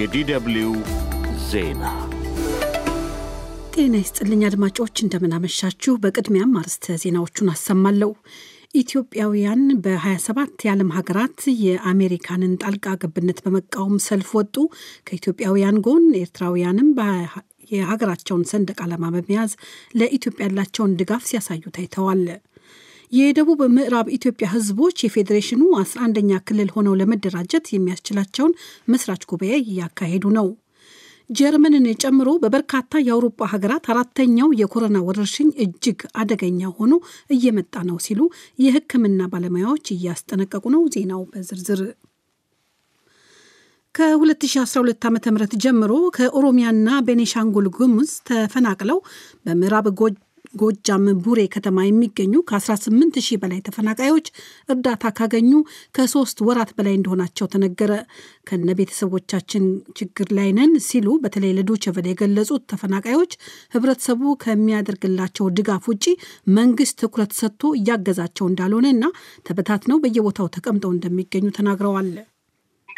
የዲደብሊው ዜና ጤና ይስጥልኝ አድማጮች፣ እንደምናመሻችሁ። በቅድሚያም አርዕስተ ዜናዎቹን አሰማለሁ። ኢትዮጵያውያን በ27 የዓለም ሀገራት የአሜሪካንን ጣልቃ ገብነት በመቃወም ሰልፍ ወጡ። ከኢትዮጵያውያን ጎን ኤርትራውያንም የሀገራቸውን ሰንደቅ ዓላማ በመያዝ ለኢትዮጵያ ያላቸውን ድጋፍ ሲያሳዩ ታይተዋል። የደቡብ ምዕራብ ኢትዮጵያ ህዝቦች የፌዴሬሽኑ 11ኛ ክልል ሆነው ለመደራጀት የሚያስችላቸውን መስራች ጉባኤ እያካሄዱ ነው። ጀርመንን ጨምሮ በበርካታ የአውሮፓ ሀገራት አራተኛው የኮሮና ወረርሽኝ እጅግ አደገኛ ሆኖ እየመጣ ነው ሲሉ የሕክምና ባለሙያዎች እያስጠነቀቁ ነው። ዜናው በዝርዝር ከ2012 ዓ ም ጀምሮ ከኦሮሚያና ቤኔሻንጉል ጉሙዝ ተፈናቅለው በምዕራብ ጎጃም ቡሬ ከተማ የሚገኙ ከ18 ሺህ በላይ ተፈናቃዮች እርዳታ ካገኙ ከሶስት ወራት በላይ እንደሆናቸው ተነገረ። ከነ ቤተሰቦቻችን ችግር ላይ ነን ሲሉ በተለይ ለዶይቼ ቬለ የገለጹት ተፈናቃዮች ህብረተሰቡ ከሚያደርግላቸው ድጋፍ ውጪ መንግስት ትኩረት ሰጥቶ እያገዛቸው እንዳልሆነ እና ተበታትነው በየቦታው ተቀምጠው እንደሚገኙ ተናግረዋል።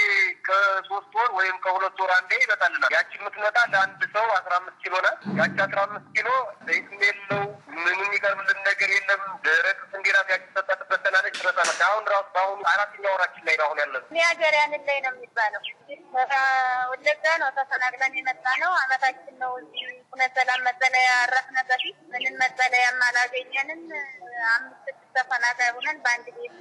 አንዴ ከሶስት ወር ወይም ከሁለት ወር አንዴ ይመጣልናል። ያቺ የምትመጣ ለአንድ ሰው አስራ አምስት ኪሎ ናት። ያቺ አስራ አምስት ኪሎ ዘይትም የለው ምንም የሚቀርብልን ነገር የለም። ደረቅ ስንዴራት ያቺ ሰጣትበት ተናለች ትረሳለች። አሁን ራሱ በአሁኑ አራተኛ ወራችን ላይ አሁን ያለ ነው። እኔ ሀገር ያንን ላይ ነው የሚባለው ወለጋ ነው ተፈናቅለን የመጣ ነው። አመታችን ነው እዚህ መሰላም መጠለያ አረፍነ በፊት ምንም መጠለያም አላገኘንም አምስት ተፈናቃይ ሆነን በአንድ ቤት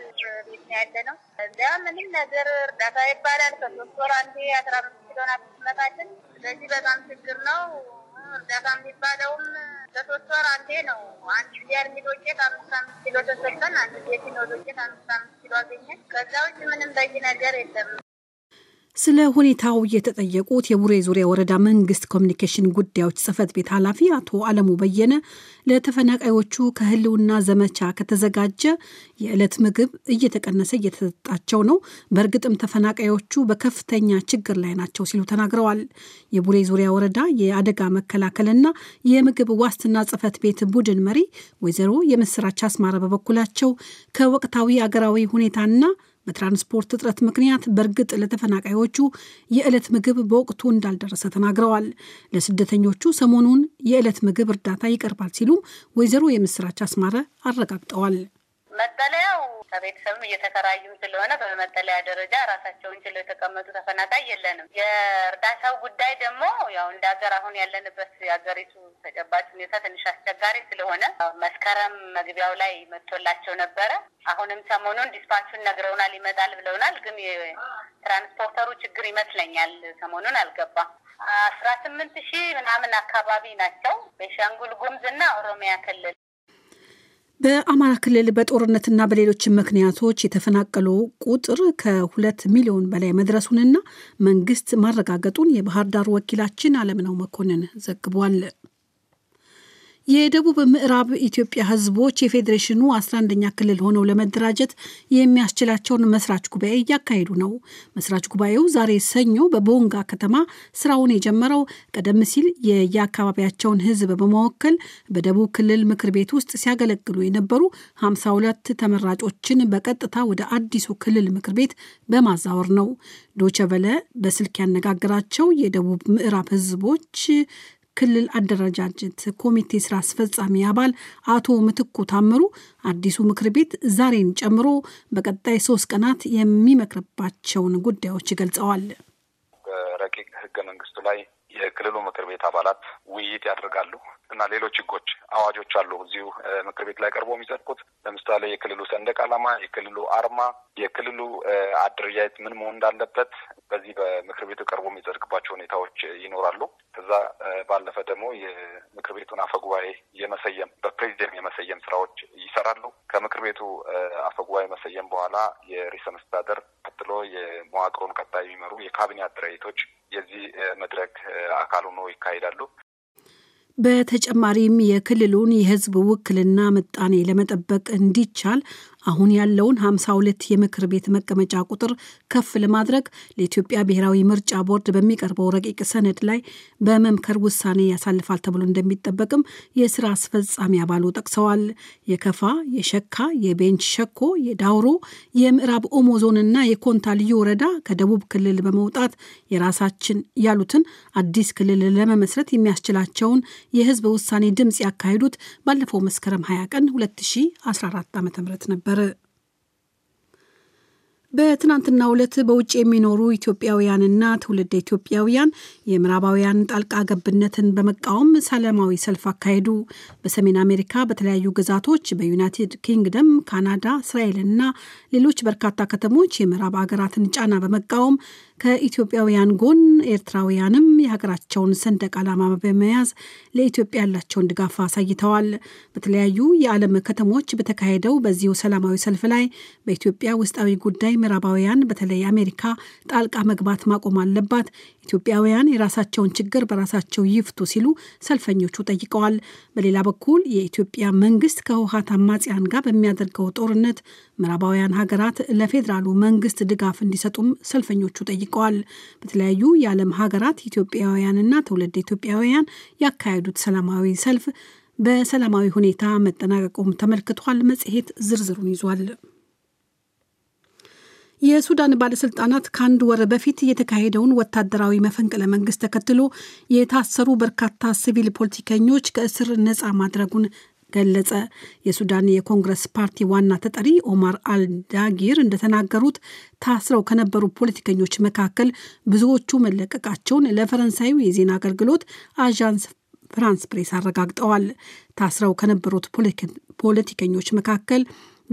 ቤት ነው ያለ ነው። እዚያ ምንም ነገር እርዳታ ይባላል ከሶስት ወር አንዴ አስራ አምስት ኪሎ ናት ስለዚህ በጣም ችግር ነው። እርዳታ የሚባለውም በሶስት ወር አንዴ ነው። አንድ ሊያር ሚል ወቄት አምስት አምስት ኪሎ ተሰጠን። አንድ ሴት ሚል ወቄት አምስት አምስት ኪሎ አገኘን። ከዛ ውጭ ምንም በቂ ነገር የለም። ስለ ሁኔታው የተጠየቁት የቡሬ ዙሪያ ወረዳ መንግስት ኮሚኒኬሽን ጉዳዮች ጽህፈት ቤት ኃላፊ አቶ አለሙ በየነ ለተፈናቃዮቹ ከህልውና ዘመቻ ከተዘጋጀ የዕለት ምግብ እየተቀነሰ እየተሰጣቸው ነው፣ በእርግጥም ተፈናቃዮቹ በከፍተኛ ችግር ላይ ናቸው ሲሉ ተናግረዋል። የቡሬ ዙሪያ ወረዳ የአደጋ መከላከልና የምግብ ዋስትና ጽህፈት ቤት ቡድን መሪ ወይዘሮ የምስራች አስማረ በበኩላቸው ከወቅታዊ አገራዊ ሁኔታና በትራንስፖርት እጥረት ምክንያት በእርግጥ ለተፈናቃዮቹ የዕለት ምግብ በወቅቱ እንዳልደረሰ ተናግረዋል። ለስደተኞቹ ሰሞኑን የዕለት ምግብ እርዳታ ይቀርባል ሲሉም ወይዘሮ የምስራች አስማረ አረጋግጠዋል። መጠለያው ከቤተሰብም እየተከራዩም ስለሆነ በመጠለያ ደረጃ ራሳቸውን ችለው የተቀመጡ ተፈናቃይ የለንም። የእርዳታው ጉዳይ ደግሞ ያው እንደ ሀገር አሁን ያለንበት የሀገሪቱ ተጨባጭ ሁኔታ ትንሽ አስቸጋሪ ስለሆነ መስከረም መግቢያው ላይ መጥቶላቸው ነበረ። አሁንም ሰሞኑን ዲስፓቹን ነግረውናል፣ ይመጣል ብለውናል። ግን የትራንስፖርተሩ ችግር ይመስለኛል ሰሞኑን አልገባም። አስራ ስምንት ሺህ ምናምን አካባቢ ናቸው ቤንሻንጉል ጉምዝ እና ኦሮሚያ ክልል በአማራ ክልል በጦርነትና በሌሎችም ምክንያቶች የተፈናቀሉ ቁጥር ከሁለት ሚሊዮን በላይ መድረሱንና መንግስት ማረጋገጡን የባህር ዳር ወኪላችን አለምነው መኮንን ዘግቧል። የደቡብ ምዕራብ ኢትዮጵያ ህዝቦች የፌዴሬሽኑ 11ኛ ክልል ሆነው ለመደራጀት የሚያስችላቸውን መስራች ጉባኤ እያካሄዱ ነው። መስራች ጉባኤው ዛሬ ሰኞ በቦንጋ ከተማ ስራውን የጀመረው ቀደም ሲል የየአካባቢያቸውን ህዝብ በመወከል በደቡብ ክልል ምክር ቤት ውስጥ ሲያገለግሉ የነበሩ 52 ተመራጮችን በቀጥታ ወደ አዲሱ ክልል ምክር ቤት በማዛወር ነው። ዶቸበለ በስልክ ያነጋገራቸው የደቡብ ምዕራብ ህዝቦች ክልል አደረጃጀት ኮሚቴ ስራ አስፈጻሚ አባል አቶ ምትኩ ታምሩ አዲሱ ምክር ቤት ዛሬን ጨምሮ በቀጣይ ሶስት ቀናት የሚመክርባቸውን ጉዳዮች ገልጸዋል። በረቂቅ ህገ መንግስቱ ላይ የክልሉ ምክር ቤት አባላት ውይይት ያደርጋሉ እና ሌሎች ህጎች፣ አዋጆች አሉ እዚሁ ምክር ቤት ላይ ቀርቦ የሚጸድቁት። ለምሳሌ የክልሉ ሰንደቅ ዓላማ፣ የክልሉ አርማ፣ የክልሉ አደረጃጀት ምን መሆን እንዳለበት በዚህ በምክር ቤቱ ቀርቦ የሚጸድቅባቸው ሁኔታዎች ይኖራሉ። ከዛ ባለፈ ደግሞ የምክር ቤቱን አፈጉባኤ የመሰየም በፕሬዚደንት የመሰየም ስራዎች ይሰራሉ። ከምክር ቤቱ አፈጉባኤ መሰየም በኋላ የርዕሰ መስተዳደር ቀጥሎ የመዋቅሩን ቀጣይ የሚመሩ የካቢኔ በተጨማሪም የክልሉን የሕዝብ ውክልና ምጣኔ ለመጠበቅ እንዲቻል አሁን ያለውን 52 የምክር ቤት መቀመጫ ቁጥር ከፍ ለማድረግ ለኢትዮጵያ ብሔራዊ ምርጫ ቦርድ በሚቀርበው ረቂቅ ሰነድ ላይ በመምከር ውሳኔ ያሳልፋል ተብሎ እንደሚጠበቅም የስራ አስፈጻሚ አባሉ ጠቅሰዋል። የከፋ፣ የሸካ፣ የቤንች ሸኮ፣ የዳውሮ፣ የምዕራብ ኦሞ ዞንና የኮንታ ልዩ ወረዳ ከደቡብ ክልል በመውጣት የራሳችን ያሉትን አዲስ ክልል ለመመስረት የሚያስችላቸውን የህዝብ ውሳኔ ድምፅ ያካሄዱት ባለፈው መስከረም 20 ቀን 2014 ዓ.ም ነበር። ነበር። በትናንትና ዕለት በውጭ የሚኖሩ ኢትዮጵያውያንና ትውልድ ኢትዮጵያውያን የምዕራባውያን ጣልቃ ገብነትን በመቃወም ሰላማዊ ሰልፍ አካሄዱ። በሰሜን አሜሪካ በተለያዩ ግዛቶች በዩናይትድ ኪንግደም፣ ካናዳ፣ እስራኤልና ሌሎች በርካታ ከተሞች የምዕራብ አገራትን ጫና በመቃወም ከኢትዮጵያውያን ጎን ኤርትራውያንም የሀገራቸውን ሰንደቅ ዓላማ በመያዝ ለኢትዮጵያ ያላቸውን ድጋፍ አሳይተዋል። በተለያዩ የዓለም ከተሞች በተካሄደው በዚሁ ሰላማዊ ሰልፍ ላይ በኢትዮጵያ ውስጣዊ ጉዳይ ምዕራባውያን በተለይ አሜሪካ ጣልቃ መግባት ማቆም አለባት፣ ኢትዮጵያውያን የራሳቸውን ችግር በራሳቸው ይፍቱ ሲሉ ሰልፈኞቹ ጠይቀዋል። በሌላ በኩል የኢትዮጵያ መንግስት ከህወሀት አማጽያን ጋር በሚያደርገው ጦርነት ምዕራባውያን ሀገራት ለፌዴራሉ መንግስት ድጋፍ እንዲሰጡም ሰልፈኞቹ ጠይቀዋል። በተለያዩ የዓለም ሀገራት ኢትዮጵያውያንና ትውልድ ኢትዮጵያውያን ያካሄዱት ሰላማዊ ሰልፍ በሰላማዊ ሁኔታ መጠናቀቁም ተመልክቷል። መጽሔት ዝርዝሩን ይዟል። የሱዳን ባለስልጣናት ከአንድ ወር በፊት የተካሄደውን ወታደራዊ መፈንቅለ መንግስት ተከትሎ የታሰሩ በርካታ ሲቪል ፖለቲከኞች ከእስር ነፃ ማድረጉን ገለጸ። የሱዳን የኮንግረስ ፓርቲ ዋና ተጠሪ ኦማር አልዳጊር እንደተናገሩት ታስረው ከነበሩ ፖለቲከኞች መካከል ብዙዎቹ መለቀቃቸውን ለፈረንሳዩ የዜና አገልግሎት አዣንስ ፍራንስ ፕሬስ አረጋግጠዋል። ታስረው ከነበሩት ፖለቲከኞች መካከል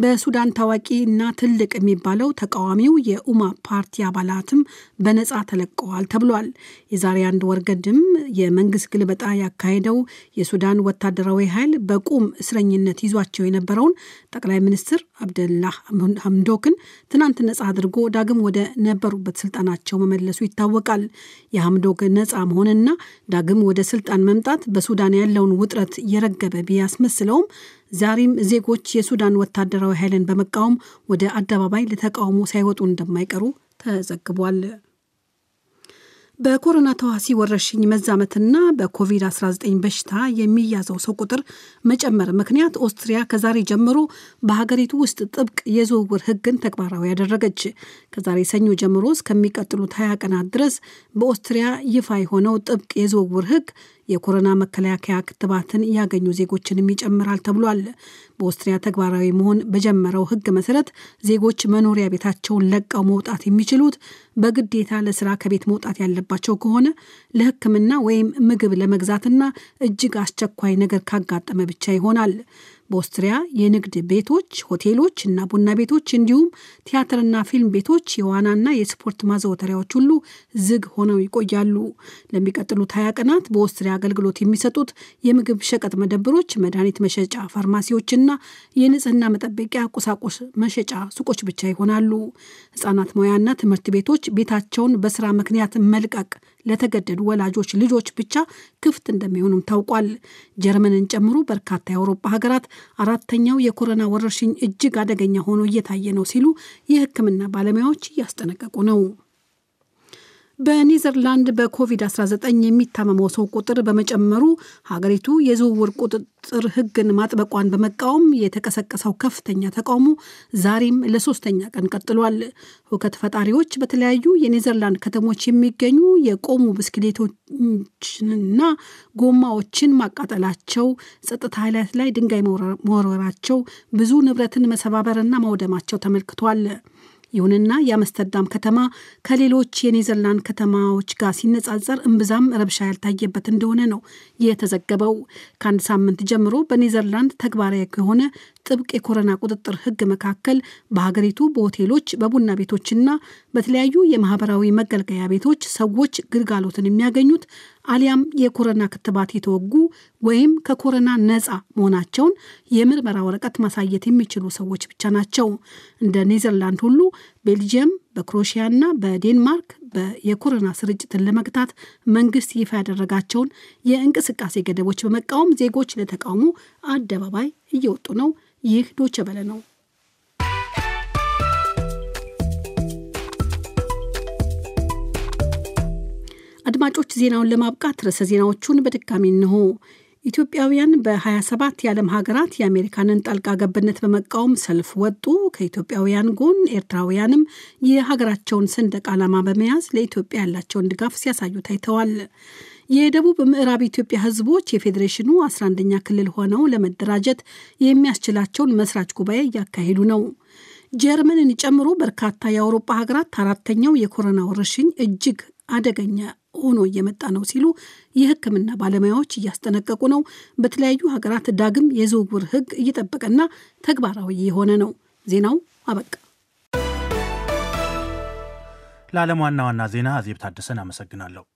በሱዳን ታዋቂ እና ትልቅ የሚባለው ተቃዋሚው የኡማ ፓርቲ አባላትም በነፃ ተለቀዋል ተብሏል። የዛሬ አንድ ወር ገድም የመንግስት ግልበጣ ያካሄደው የሱዳን ወታደራዊ ኃይል በቁም እስረኝነት ይዟቸው የነበረውን ጠቅላይ ሚኒስትር አብደላህ ሐምዶክን ትናንት ነፃ አድርጎ ዳግም ወደ ነበሩበት ስልጣናቸው መመለሱ ይታወቃል። የሐምዶክ ነፃ መሆንና ዳግም ወደ ስልጣን መምጣት በሱዳን ያለውን ውጥረት እየረገበ ቢያስመስለውም ዛሬም ዜጎች የሱዳን ወታደራዊ ኃይልን በመቃወም ወደ አደባባይ ለተቃውሞ ሳይወጡ እንደማይቀሩ ተዘግቧል። በኮሮና ተዋሲ ወረርሽኝ መዛመትና በኮቪድ-19 በሽታ የሚያዘው ሰው ቁጥር መጨመር ምክንያት ኦስትሪያ ከዛሬ ጀምሮ በሀገሪቱ ውስጥ ጥብቅ የዝውውር ሕግን ተግባራዊ ያደረገች። ከዛሬ ሰኞ ጀምሮ እስከሚቀጥሉት 20 ቀናት ድረስ በኦስትሪያ ይፋ የሆነው ጥብቅ የዝውውር ሕግ የኮሮና መከላከያ ክትባትን ያገኙ ዜጎችንም ይጨምራል ተብሏል። በኦስትሪያ ተግባራዊ መሆን በጀመረው ሕግ መሰረት ዜጎች መኖሪያ ቤታቸውን ለቀው መውጣት የሚችሉት በግዴታ ለስራ ከቤት መውጣት ያለባቸው ከሆነ፣ ለሕክምና ወይም ምግብ ለመግዛትና እጅግ አስቸኳይ ነገር ካጋጠመ ብቻ ይሆናል። በኦስትሪያ የንግድ ቤቶች፣ ሆቴሎች እና ቡና ቤቶች እንዲሁም ቲያትርና ፊልም ቤቶች፣ የዋናና የስፖርት ማዘወተሪያዎች ሁሉ ዝግ ሆነው ይቆያሉ። ለሚቀጥሉት ሀያ ቀናት በኦስትሪያ አገልግሎት የሚሰጡት የምግብ ሸቀጥ መደብሮች፣ መድኃኒት መሸጫ ፋርማሲዎችና የንጽህና መጠበቂያ ቁሳቁስ መሸጫ ሱቆች ብቻ ይሆናሉ። ህጻናት ሙያና ትምህርት ቤቶች ቤታቸውን በስራ ምክንያት መልቀቅ ለተገደዱ ወላጆች ልጆች ብቻ ክፍት እንደሚሆኑም ታውቋል። ጀርመንን ጨምሮ በርካታ የአውሮፓ ሀገራት አራተኛው የኮሮና ወረርሽኝ እጅግ አደገኛ ሆኖ እየታየ ነው ሲሉ የሕክምና ባለሙያዎች እያስጠነቀቁ ነው። በኔዘርላንድ በኮቪድ-19 የሚታመመው ሰው ቁጥር በመጨመሩ ሀገሪቱ የዝውውር ቁጥጥር ህግን ማጥበቋን በመቃወም የተቀሰቀሰው ከፍተኛ ተቃውሞ ዛሬም ለሶስተኛ ቀን ቀጥሏል። ሁከት ፈጣሪዎች በተለያዩ የኔዘርላንድ ከተሞች የሚገኙ የቆሙ ብስክሌቶችንና ጎማዎችን ማቃጠላቸው፣ ጸጥታ ኃይላት ላይ ድንጋይ መወረራቸው፣ ብዙ ንብረትን መሰባበርና ማውደማቸው ተመልክቷል። ይሁንና የአምስተርዳም ከተማ ከሌሎች የኔዘርላንድ ከተማዎች ጋር ሲነጻጸር እምብዛም ረብሻ ያልታየበት እንደሆነ ነው የተዘገበው። ከአንድ ሳምንት ጀምሮ በኔዘርላንድ ተግባራዊ የሆነ ጥብቅ የኮሮና ቁጥጥር ህግ መካከል በሀገሪቱ በሆቴሎች በቡና ቤቶችና በተለያዩ የማህበራዊ መገልገያ ቤቶች ሰዎች ግልጋሎትን የሚያገኙት አሊያም የኮረና ክትባት የተወጉ ወይም ከኮሮና ነፃ መሆናቸውን የምርመራ ወረቀት ማሳየት የሚችሉ ሰዎች ብቻ ናቸው። እንደ ኔዘርላንድ ሁሉ ቤልጅየም ና በዴንማርክ የኮሮና ስርጭትን ለመግታት መንግስት ይፋ ያደረጋቸውን የእንቅስቃሴ ገደቦች በመቃወም ዜጎች ለተቃውሞ አደባባይ እየወጡ ነው። ይህ ዶቸበለ ነው። አድማጮች ዜናውን ለማብቃት ረዕሰ ዜናዎቹን በድጋሚ እንሆ ኢትዮጵያውያን በ27 የዓለም ሀገራት የአሜሪካንን ጣልቃ ገብነት በመቃወም ሰልፍ ወጡ። ከኢትዮጵያውያን ጎን ኤርትራውያንም የሀገራቸውን ሰንደቅ ዓላማ በመያዝ ለኢትዮጵያ ያላቸውን ድጋፍ ሲያሳዩ ታይተዋል። የደቡብ ምዕራብ ኢትዮጵያ ሕዝቦች የፌዴሬሽኑ 11ኛ ክልል ሆነው ለመደራጀት የሚያስችላቸውን መስራች ጉባኤ እያካሄዱ ነው። ጀርመንን ጨምሮ በርካታ የአውሮፓ ሀገራት አራተኛው የኮሮና ወረርሽኝ እጅግ አደገኛ ሆኖ እየመጣ ነው ሲሉ የሕክምና ባለሙያዎች እያስጠነቀቁ ነው። በተለያዩ ሀገራት ዳግም የዝውውር ሕግ እየጠበቀና ተግባራዊ የሆነ ነው። ዜናው አበቃ። ለዓለም ዋና ዋና ዜና አዜብ ታደሰን አመሰግናለሁ።